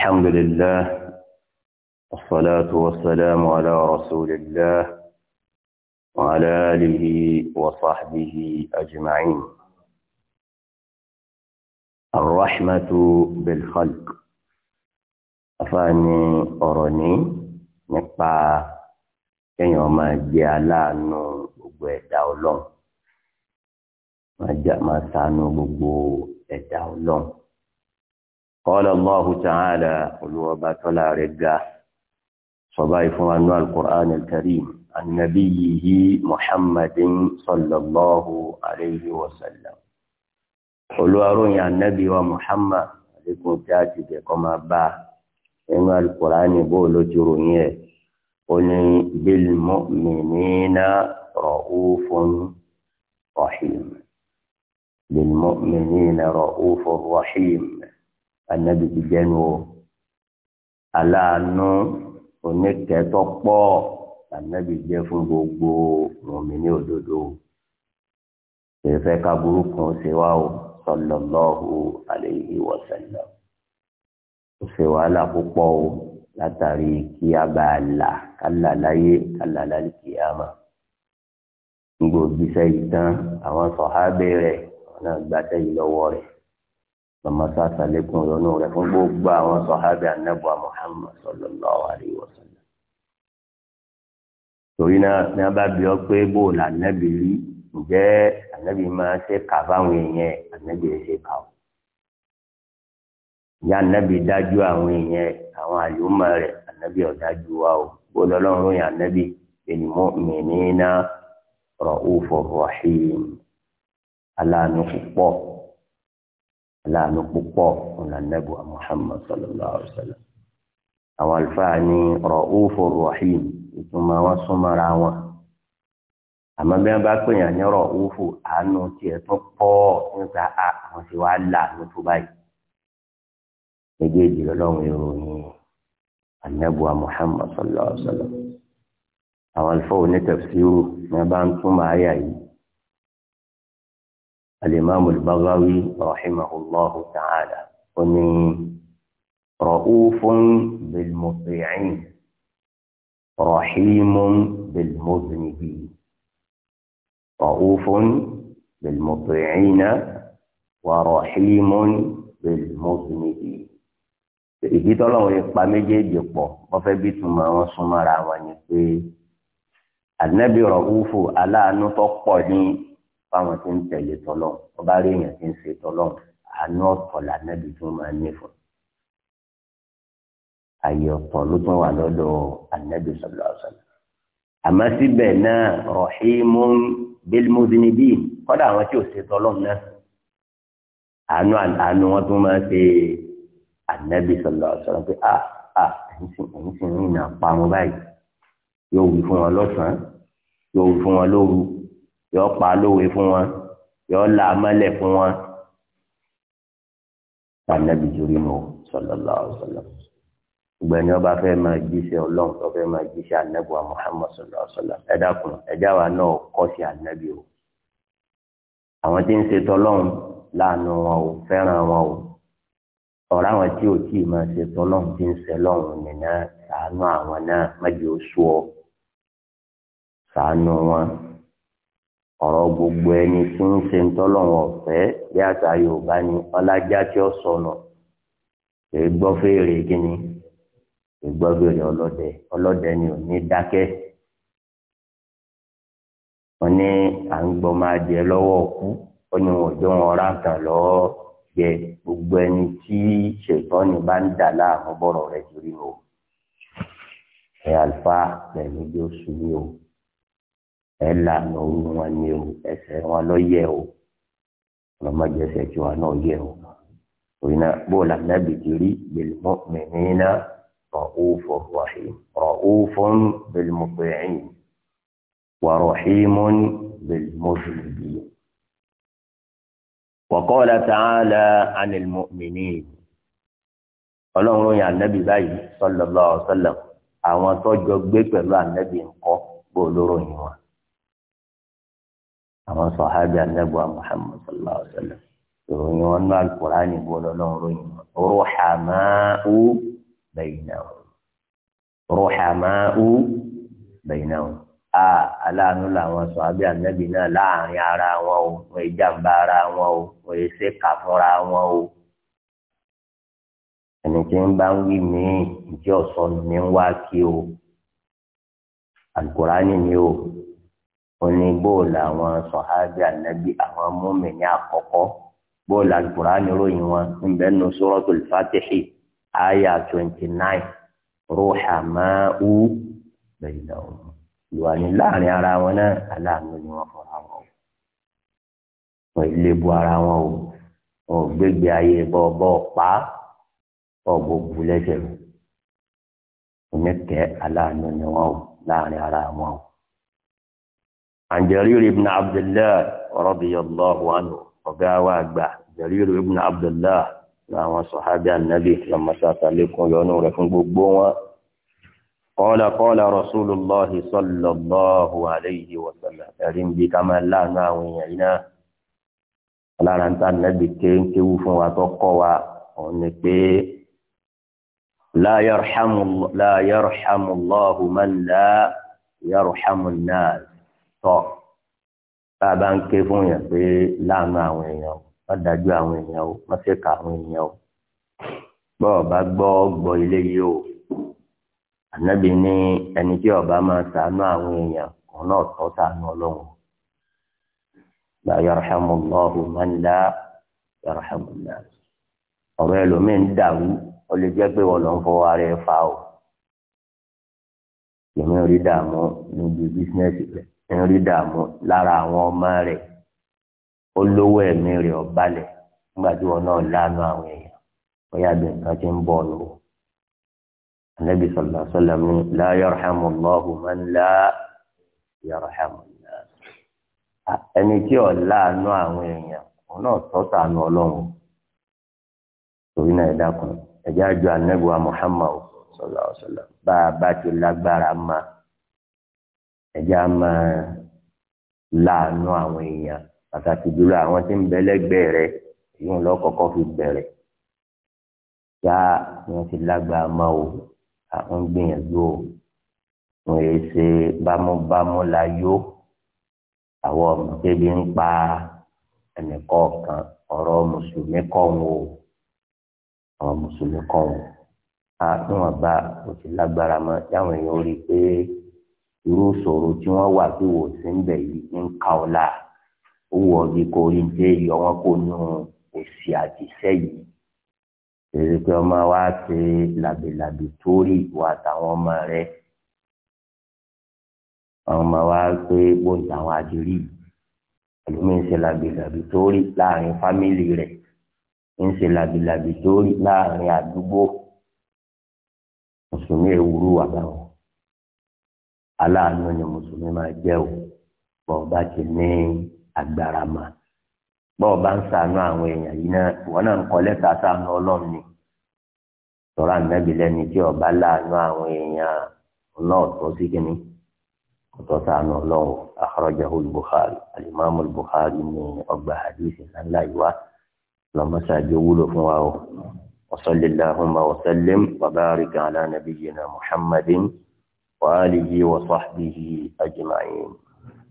الحمد لله والصلاة والسلام على رسول الله وعلى آله وصحبه أجمعين الرحمة بالخلق أفاني أرني نقبع يوم جعلان وقيد أولون ما جاء ما سانو بقو ẹ̀dá ọlọ́run Qala Allahu ta'ala olùwọ́ba tọ́lá rẹ̀ ga sọba ìfúnwánú al-Qur'an al-Karim annabiyihi Muhammadin sallallahu alayhi wa sallam olùwàròyìn annabi wa Muhammad alekun tí a ti dẹ̀kọ́ máa bá nínú al-Qur'an bó ló ti ròyìn bil mu'minina ra'ufun rahim bil mu'minina ra'ufun rahim anabi ti jẹnu o aláàánú oníkẹtọ pọ anabi jẹ fún gbogbo mùmíní òdodo fẹfẹ kaburu kan ṣe wa o sallallahu alayhi wa sallam ó ṣe wàhálà púpọ̀ o látàrí kí a bá a là kálà láyé kálà lálẹ́ kìyàmà gbogbo gbèsè yìí tán àwọn sọ̀hábẹ́ rẹ̀ wọn náà gbàtẹ́ yìí lọ́wọ́ rẹ̀ lọ́mọ́sá sàlékún ìyọnú rẹ̀ fún gbogbo àwọn sọ̀hábì anábọ̀ Muhammad sallallahu alaihi wasallam. torí náà ní a bá bí ọ pé bó o là nábì rí ǹjẹ́ ànábì máa ṣe kà fáwọn èèyàn ànábì ẹ̀ ṣe kà ó. ìyá ànábì dájú àwọn èèyàn àwọn àlùmọ̀ rẹ̀ ànábì ọ̀dájú wa o bó lọ́lọ́run yẹn ànábì bil mu'minina ra'ufur rahim aláàánú púpọ̀ aláàánú púpọ̀ ọ̀nàdẹ́bù Muhammad sallallahu alayhi wa sallam. àwọn àlùfáà ní rọ̀húfù rọ̀hìm ìtumọ̀ wọn súnmọ́ra wọn. àmọ́ bí wọ́n bá pè yàn ní rọ̀húfù àánú tiẹ̀ tó pọ̀ nípa àwọn tí wàá là ní tó báyìí. méjèèjì lọ́lọ́run ìròyìn ànẹ́bù Muhammad sallallahu alayhi àwọn àlùfáà onítẹ̀fẹ́rù ni wọ́n bá ń túmọ̀ àyà yìí. الإمام البغوي رحمه الله تعالى ومن رؤوف بالمطيعين رحيم بالمذنبين رؤوف بالمطيعين ورحيم بالمذنبين ìdí tọ́lọ́run ipa méjèèjì pọ̀ wọ́n fẹ́ bí túmọ̀ wọn súnmọ́ra wọn ni pé ànábì rọ̀úfù aláàánú tó pọ̀ ní fáwọn tí ń tẹ̀lé tọ́lọ́ wọ́n bá rí èèyàn tí ń ṣe tọ́lọ́ àánú ọ̀tọ̀ lànàbí tí wọ́n máa ní fún. àyè ọ̀tọ̀ ló tún wà lọ́dọ̀ ànàbí sallallahu alaihi wasallam. àmọ́ síbẹ̀ náà rahimun bil kọ́dà àwọn tí ò ṣe tọ́lọ́ náà àánú àánú wọn tún máa ṣe ànàbí sallallahu alaihi pé a a ẹ̀yìn sì ń rìn náà pa wọn báyìí yóò wí fún wọn lọ́sàn-án yóò wí fún wọn lóru yọ pa lówe fún wọn yọ là mọlẹ fún wọn anabi jori mọ sallallahu alaihi wasallam gbẹni ọba fẹ́ máa jíṣẹ́ Ọlọ́run tó fẹ́ máa jíṣẹ́ anabi wa muhammad sallallahu alaihi wasallam ẹ dákun ẹjá wa náà kọ sí anabi o àwọn tí ń ṣe tọlọ́run láàánú wọn o fẹ́ràn wọn o ọ̀rọ̀ àwọn tí ò tí ì máa ṣe tọ́lọ́hún tí ń ṣe lọ́hún nìyẹn ṣàánú àwọn náà má jẹ́ oṣù ọ ṣàánú wọn ọ̀rọ̀ gbogbo ẹni tí ń ṣe ń tọ́lọ́wọ̀n ọ̀fẹ́ bí àṣà yorùbá ni ọlájà tí ó sọnù èyí fèrè kínní èyí fèrè ọlọ́dẹ ọlọ́dẹ ni ò ní dákẹ́ wọn ní à ń gbọ́ máa jẹ lọ́wọ́ òkú ó ní wọn jọ wọn rà kàn lọ́ọ́ jẹ gbogbo ẹni tí ṣètọ́ni bá ń dà láàmú bọ̀rọ̀ rẹ̀ torí o ẹ̀ àlùfáà pẹ̀lú bí ó sùn o ẹ lànà òru wọn ni o ẹsẹ̀ wọn lọ yẹ o ọlọmọdé ẹsẹ̀ tí wọn náà yẹ o torí náà bóòlù ànábì ti rí bẹlẹmọ mẹmẹẹna rọ̀ọ́fọ̀ rọ̀hìm rọ̀ọ́fọ̀n bẹlẹmọ pẹ̀lẹ́yìn wà rọ̀hìmọ́n bẹlẹmọ bẹlẹbí. وقال تعالى عن المؤمنين ọlọ́run yàn ànábì báyìí sallallahu alaihi wasallam àwọn tó jọ gbé pẹ̀lú ànábì ńkọ́ bó lóró wọn àwọn sọ̀hábì anábọ̀ Muhammad sallallahu alayhi wa sallam ìròyìn wọn náà alukur'ani bó lọ́lọ́run ròyìn ruḥamáú bẹ̀yìnáwó ruḥamáú bẹ̀yìnáwó a aláàánú làwọn sọ̀hábì anábì náà láàrin ara wọn o wọ́n ìjàmbá ara wọn o wọ́n èsè kà fúnra wọn o ẹni tí ń bá ń wí mí ìjọ sọnù ní wá kí o alukur'ani ni o òní bóòlù àwọn sọ̀hábì ànábì àwọn mùmínì àkọ́kọ́ bóòlù alukur'ani ròyìn wọn nbẹ nù suratul fatihi aya twenty nine ruhamau bainahum ìwà ní láàrin ara wọn náà aláàánú ni wọn fọra wọn o wọn ilé bu ara wọn o wọn gbégbé ayé bọbọ pa ọgbọ bu lẹsẹ o aláàánú ni wọn o láàrin ara wọn o. عن جرير بن عبد الله رضي الله عنه وقاوى أقبع جرير بن عبد الله نعم صحابة النبي لما سات عليكم يونو لكم قال قال رسول الله صلى الله عليه وسلم أرين بك ما لا ناوينا lára ń ta nẹ́bi kéńké wú fún لا يرحم kọ́ wa òun ni pé la yarhamu tọ́ tá a bá ń ké fún yàn pé láàánú àwọn èèyàn má dájú àwọn èèyàn o má ṣe ka àwọn èèyàn o bọ́ ọba gbọ́ gbọ́ ilé yìí o ànábì ní ẹni tí ọba máa ṣàánú àwọn èèyàn òun náà tọ́ ṣàánú ọlọ́run la yarhamullahu man la yarhamunnas ọ̀rọ̀ ẹlòmíín dàrú ó lè jẹ́ pé wọ́n lọ ń fọwọ́ ara ẹ̀ fa o èmi ò rí dààmú níbi bísínẹ́sì rẹ̀. ń rí dààmú lára àwọn ọmọ rẹ̀ olówó ẹ̀mí rẹ̀ ọ̀balẹ̀ nígbà tí wọn náà lánàá àwọn èèyàn bóyá bí nǹkan ti ń bọ̀ nù. anabi sallallahu alaihi wasallam la yarhamu Allahu man la yarhamu nas. ẹni tí ò láàánú àwọn èèyàn òun náà tọ́ sànù ọlọ́run torí náà anabi wa sallallahu ẹjẹ́ a máa láàánú àwọn èèyàn pàtàkì jùlọ àwọn tí ń bẹ lẹ́gbẹ̀ẹ́ rẹ èyí ń lọ kọ́kọ́ fi bẹ̀rẹ̀ já wọn ti lágbàá mọ́ o àwọn ń gbìyànjú o wọn yéé ṣe bámúbámú la yó àwọn ọmọdébí ń pa ẹnìkọ̀ọ̀kan ọ̀rọ̀ mùsùlùmí kọ̀ọ̀hún o ọ̀rọ̀ mùsùlùmí kọ̀ọ̀hún a níwọ̀n bá o ti lágbára mọ́ jáwọn èèyàn ó rí i pé irú sọ̀rọ̀ tí wọ́n wà tí wò sí ń bẹ̀ yìí ń ka ọ́ la ó wù ọ́ bí kò rí dé yọ wọ́n kó nu òsì àtìsẹ́ yìí èrè pé ọmọ wa ṣe làbìlàbì tó rí ìwà àtàwọn ọmọ rẹ àwọn ọmọ wa pé bóńtà àwọn àdìrí ẹlòmíín ṣe làbìlàbì tó láàrin fámìlì rẹ ń ṣe làbìlàbì tó láàrin àdúgbò mùsùlùmí ewúrú wà aláàánú ni mùsùlùmí máa jẹ́ o bọ́ọ̀ bá ti ní agbára mà bọ́ọ̀ bá ń sànú àwọn èèyàn yìí náà wọn náà ń kọ́ lẹ́tà sànú ọlọ́run ni sọ̀rọ̀ ànábì lẹ́ni tí ọba láàánú àwọn èèyàn ọlọ́ọ̀tọ́ sí kínní ọ̀tọ́ sànú ọlọ́run akhrajahu al-Bukhari al-Imam al-Bukhari ní ọgbà hadithi ńlá yìí lọ́mọ́sàájú wúlò fún wa o wa sallallahu wa wa barika ala nabiyyina Muhammadin. وآله وصحبه أجمعين